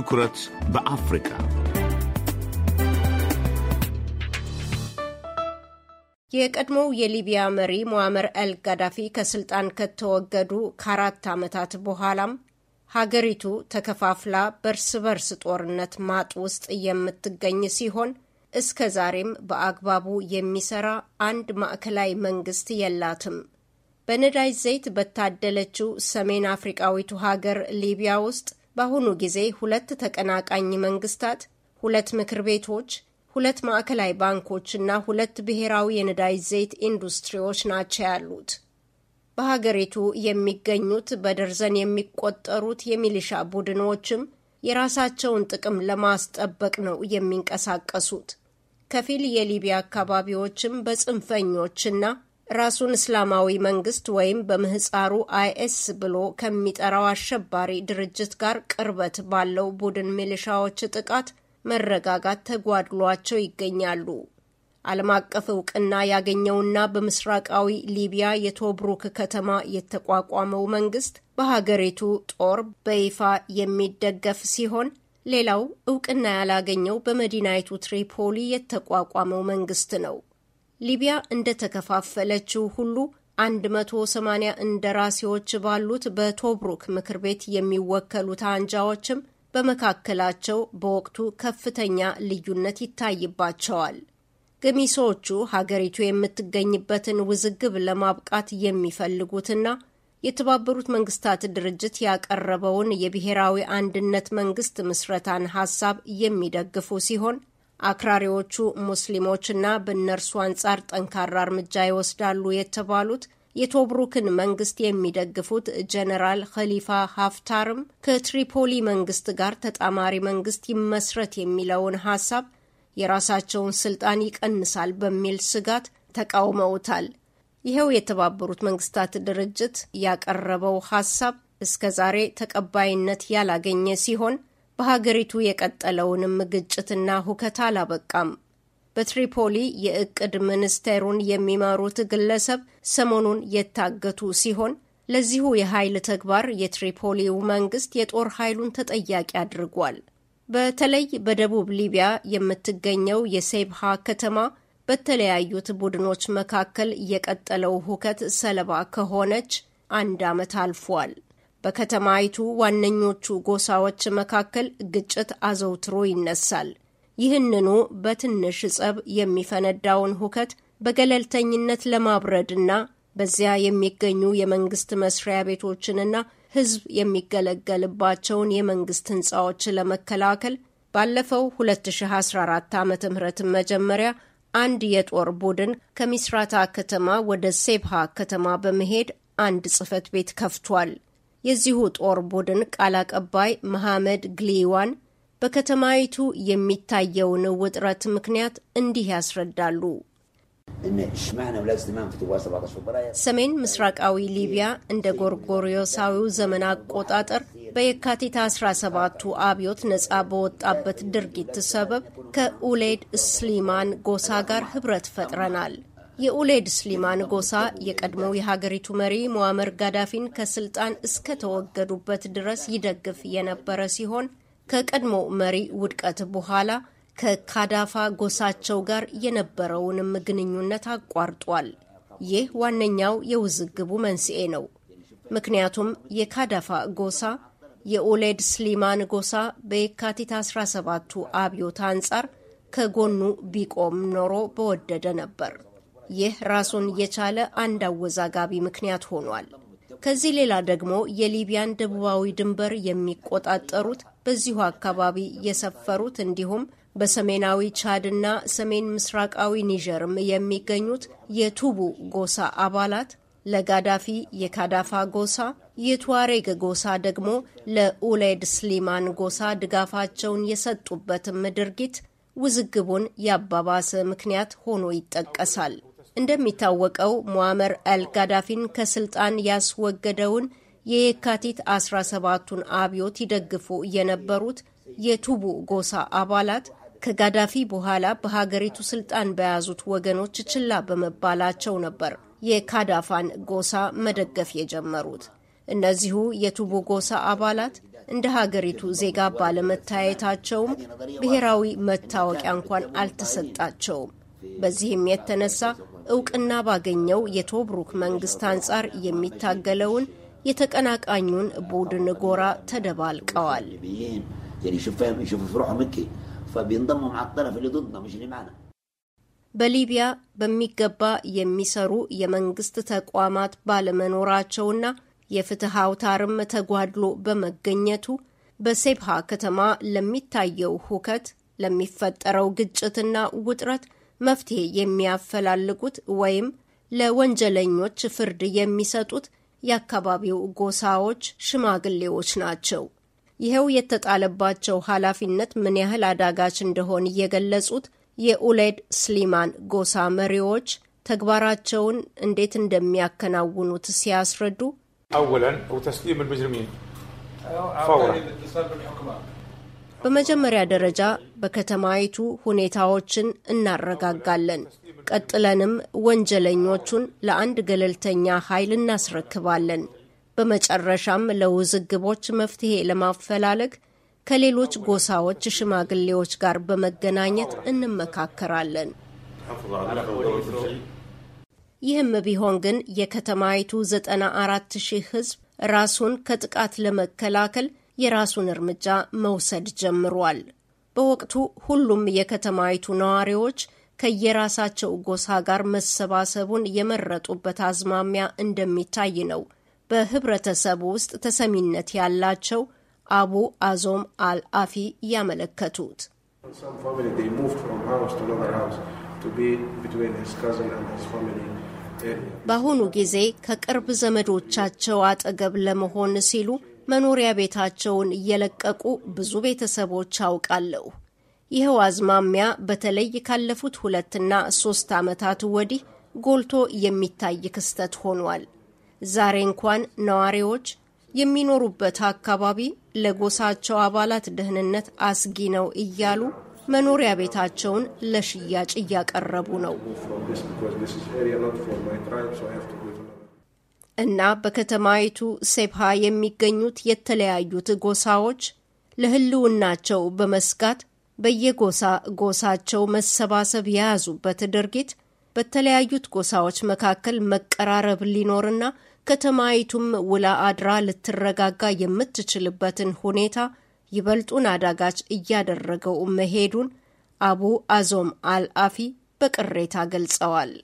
ትኩረት በአፍሪካ የቀድሞው የሊቢያ መሪ ሞአመር አል ጋዳፊ ከስልጣን ከተወገዱ ከአራት ዓመታት በኋላም ሀገሪቱ ተከፋፍላ በርስ በርስ ጦርነት ማጥ ውስጥ የምትገኝ ሲሆን እስከ ዛሬም በአግባቡ የሚሰራ አንድ ማዕከላዊ መንግስት የላትም። በነዳጅ ዘይት በታደለችው ሰሜን አፍሪቃዊቱ ሀገር ሊቢያ ውስጥ በአሁኑ ጊዜ ሁለት ተቀናቃኝ መንግስታት፣ ሁለት ምክር ቤቶች፣ ሁለት ማዕከላዊ ባንኮች እና ሁለት ብሔራዊ የነዳጅ ዘይት ኢንዱስትሪዎች ናቸው ያሉት። በሀገሪቱ የሚገኙት በደርዘን የሚቆጠሩት የሚሊሻ ቡድኖችም የራሳቸውን ጥቅም ለማስጠበቅ ነው የሚንቀሳቀሱት። ከፊል የሊቢያ አካባቢዎችም በጽንፈኞችና ራሱን እስላማዊ መንግስት ወይም በምህፃሩ አይኤስ ብሎ ከሚጠራው አሸባሪ ድርጅት ጋር ቅርበት ባለው ቡድን ሚሊሻዎች ጥቃት መረጋጋት ተጓድሏቸው ይገኛሉ። ዓለም አቀፍ እውቅና ያገኘውና በምስራቃዊ ሊቢያ የቶብሩክ ከተማ የተቋቋመው መንግስት በሀገሪቱ ጦር በይፋ የሚደገፍ ሲሆን ሌላው እውቅና ያላገኘው በመዲናይቱ ትሪፖሊ የተቋቋመው መንግስት ነው። ሊቢያ እንደተከፋፈለችው ሁሉ 180 እንደራሴዎች ባሉት በቶብሩክ ምክር ቤት የሚወከሉት አንጃዎችም በመካከላቸው በወቅቱ ከፍተኛ ልዩነት ይታይባቸዋል። ገሚሶቹ ሀገሪቱ የምትገኝበትን ውዝግብ ለማብቃት የሚፈልጉትና የተባበሩት መንግስታት ድርጅት ያቀረበውን የብሔራዊ አንድነት መንግስት ምስረታን ሀሳብ የሚደግፉ ሲሆን አክራሪዎቹ ሙስሊሞችና በእነርሱ አንጻር ጠንካራ እርምጃ ይወስዳሉ የተባሉት የቶብሩክን መንግስት የሚደግፉት ጀነራል ኸሊፋ ሀፍታርም ከትሪፖሊ መንግስት ጋር ተጣማሪ መንግስት ይመስረት የሚለውን ሀሳብ የራሳቸውን ስልጣን ይቀንሳል በሚል ስጋት ተቃውመውታል። ይኸው የተባበሩት መንግስታት ድርጅት ያቀረበው ሀሳብ እስከ ዛሬ ተቀባይነት ያላገኘ ሲሆን በሀገሪቱ የቀጠለውንም ግጭትና ሁከት አላበቃም። በትሪፖሊ የእቅድ ሚኒስቴሩን የሚመሩት ግለሰብ ሰሞኑን የታገቱ ሲሆን ለዚሁ የኃይል ተግባር የትሪፖሊው መንግስት የጦር ኃይሉን ተጠያቂ አድርጓል። በተለይ በደቡብ ሊቢያ የምትገኘው የሴብሃ ከተማ በተለያዩት ቡድኖች መካከል የቀጠለው ሁከት ሰለባ ከሆነች አንድ ዓመት አልፏል። በከተማይቱ ዋነኞቹ ጎሳዎች መካከል ግጭት አዘውትሮ ይነሳል። ይህንኑ በትንሽ ጸብ የሚፈነዳውን ሁከት በገለልተኝነት ለማብረድና በዚያ የሚገኙ የመንግስት መስሪያ ቤቶችንና ሕዝብ የሚገለገልባቸውን የመንግስት ህንፃዎች ለመከላከል ባለፈው 2014 ዓ ም መጀመሪያ አንድ የጦር ቡድን ከሚስራታ ከተማ ወደ ሴብሃ ከተማ በመሄድ አንድ ጽህፈት ቤት ከፍቷል። የዚሁ ጦር ቡድን ቃል አቀባይ መሐመድ ግሊዋን በከተማይቱ የሚታየውን ውጥረት ምክንያት እንዲህ ያስረዳሉ። ሰሜን ምስራቃዊ ሊቢያ እንደ ጎርጎሪዮሳዊው ዘመን አቆጣጠር በየካቲት 17ቱ አብዮት ነጻ በወጣበት ድርጊት ሰበብ ከኡሌድ እስሊማን ጎሳ ጋር ህብረት ፈጥረናል። የኡሌድ ስሊማን ጎሳ የቀድሞው የሀገሪቱ መሪ ሙአመር ጋዳፊን ከስልጣን እስከተወገዱበት ድረስ ይደግፍ የነበረ ሲሆን ከቀድሞ መሪ ውድቀት በኋላ ከካዳፋ ጎሳቸው ጋር የነበረውንም ግንኙነት አቋርጧል። ይህ ዋነኛው የውዝግቡ መንስኤ ነው። ምክንያቱም የካዳፋ ጎሳ የኦሌድ ስሊማን ጎሳ በየካቲት 17ቱ አብዮት አንጻር ከጎኑ ቢቆም ኖሮ በወደደ ነበር። ይህ ራሱን የቻለ አንድ አወዛጋቢ ምክንያት ሆኗል። ከዚህ ሌላ ደግሞ የሊቢያን ደቡባዊ ድንበር የሚቆጣጠሩት በዚሁ አካባቢ የሰፈሩት እንዲሁም በሰሜናዊ ቻድና ሰሜን ምስራቃዊ ኒጀርም የሚገኙት የቱቡ ጎሳ አባላት ለጋዳፊ የካዳፋ ጎሳ፣ የቱዋሬግ ጎሳ ደግሞ ለኡሌድ ስሊማን ጎሳ ድጋፋቸውን የሰጡበትም ድርጊት ውዝግቡን የአባባሰ ምክንያት ሆኖ ይጠቀሳል። እንደሚታወቀው ሙአመር አልጋዳፊን ከስልጣን ያስወገደውን የየካቲት 17ቱን አብዮት ይደግፉ የነበሩት የቱቡ ጎሳ አባላት ከጋዳፊ በኋላ በሀገሪቱ ስልጣን በያዙት ወገኖች ችላ በመባላቸው ነበር የካዳፋን ጎሳ መደገፍ የጀመሩት። እነዚሁ የቱቡ ጎሳ አባላት እንደ ሀገሪቱ ዜጋ ባለመታየታቸውም ብሔራዊ መታወቂያ እንኳን አልተሰጣቸውም። በዚህም የተነሳ እውቅና ባገኘው የቶብሩክ መንግስት አንጻር የሚታገለውን የተቀናቃኙን ቡድን ጎራ ተደባልቀዋል። በሊቢያ በሚገባ የሚሰሩ የመንግስት ተቋማት ባለመኖራቸውና የፍትህ አውታርም ተጓድሎ በመገኘቱ በሴብሃ ከተማ ለሚታየው ሁከት፣ ለሚፈጠረው ግጭትና ውጥረት መፍትሄ የሚያፈላልጉት ወይም ለወንጀለኞች ፍርድ የሚሰጡት የአካባቢው ጎሳዎች ሽማግሌዎች ናቸው። ይኸው የተጣለባቸው ኃላፊነት ምን ያህል አዳጋች እንደሆን እየገለጹት የኡሌድ ስሊማን ጎሳ መሪዎች ተግባራቸውን እንዴት እንደሚያከናውኑት ሲያስረዱ በመጀመሪያ ደረጃ በከተማይቱ ሁኔታዎችን እናረጋጋለን። ቀጥለንም ወንጀለኞቹን ለአንድ ገለልተኛ ኃይል እናስረክባለን። በመጨረሻም ለውዝግቦች መፍትሄ ለማፈላለግ ከሌሎች ጎሳዎች ሽማግሌዎች ጋር በመገናኘት እንመካከራለን። ይህም ቢሆን ግን የከተማይቱ ዘጠና አራት ሺህ ህዝብ ራሱን ከጥቃት ለመከላከል የራሱን እርምጃ መውሰድ ጀምሯል። በወቅቱ ሁሉም የከተማይቱ ነዋሪዎች ከየራሳቸው ጎሳ ጋር መሰባሰቡን የመረጡበት አዝማሚያ እንደሚታይ ነው በህብረተሰቡ ውስጥ ተሰሚነት ያላቸው አቡ አዞም አልአፊ ያመለከቱት። በአሁኑ ጊዜ ከቅርብ ዘመዶቻቸው አጠገብ ለመሆን ሲሉ መኖሪያ ቤታቸውን እየለቀቁ ብዙ ቤተሰቦች አውቃለሁ። ይኸው አዝማሚያ በተለይ ካለፉት ሁለትና ሶስት ዓመታት ወዲህ ጎልቶ የሚታይ ክስተት ሆኗል። ዛሬ እንኳን ነዋሪዎች የሚኖሩበት አካባቢ ለጎሳቸው አባላት ደህንነት አስጊ ነው እያሉ መኖሪያ ቤታቸውን ለሽያጭ እያቀረቡ ነው። እና በከተማይቱ ሴፓ የሚገኙት የተለያዩት ጎሳዎች ለህልውናቸው በመስጋት በየጎሳ ጎሳቸው መሰባሰብ የያዙበት ድርጊት በተለያዩት ጎሳዎች መካከል መቀራረብ ሊኖርና ከተማይቱም ውላ አድራ ልትረጋጋ የምትችልበትን ሁኔታ ይበልጡን አዳጋች እያደረገው መሄዱን አቡ አዞም አልአፊ በቅሬታ ገልጸዋል።